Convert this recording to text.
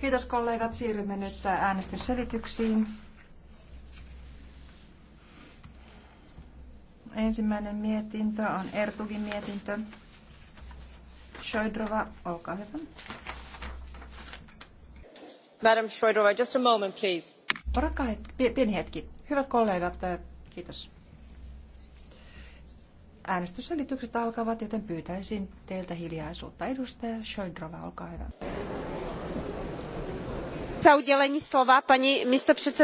Kiitos kollegat. Siirrymme nyt äänestysselityksiin. Ensimmäinen mietintö on Ertugin mietintö. Shoidrova, olkaa hyvä. Madam Shoidrova, just a moment, please. Orakaa pieni hetki. Hyvät kollegat, kiitos. Äänestysselitykset alkavat, joten pyytäisin teiltä hiljaisuutta. Edustaja Schöndrova, olkaa hyvä. Za udělení slova, paní místopředsedkyně.